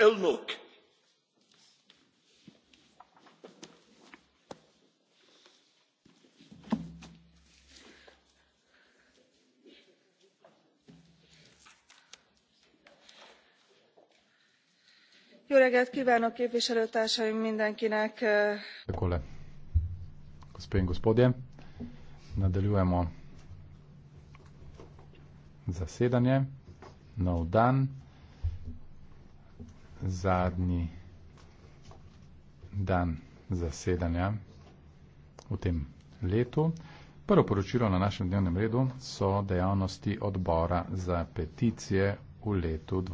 elnök jó reggelt kvánok képviselőtársaim mindenkinek eh, kole gospen gospodje nadaljujemo zasedanje nov dan zadnji dan zasedanja v tem letu. Prvo poročilo na našem dnevnem redu so dejavnosti odbora za peticije v letu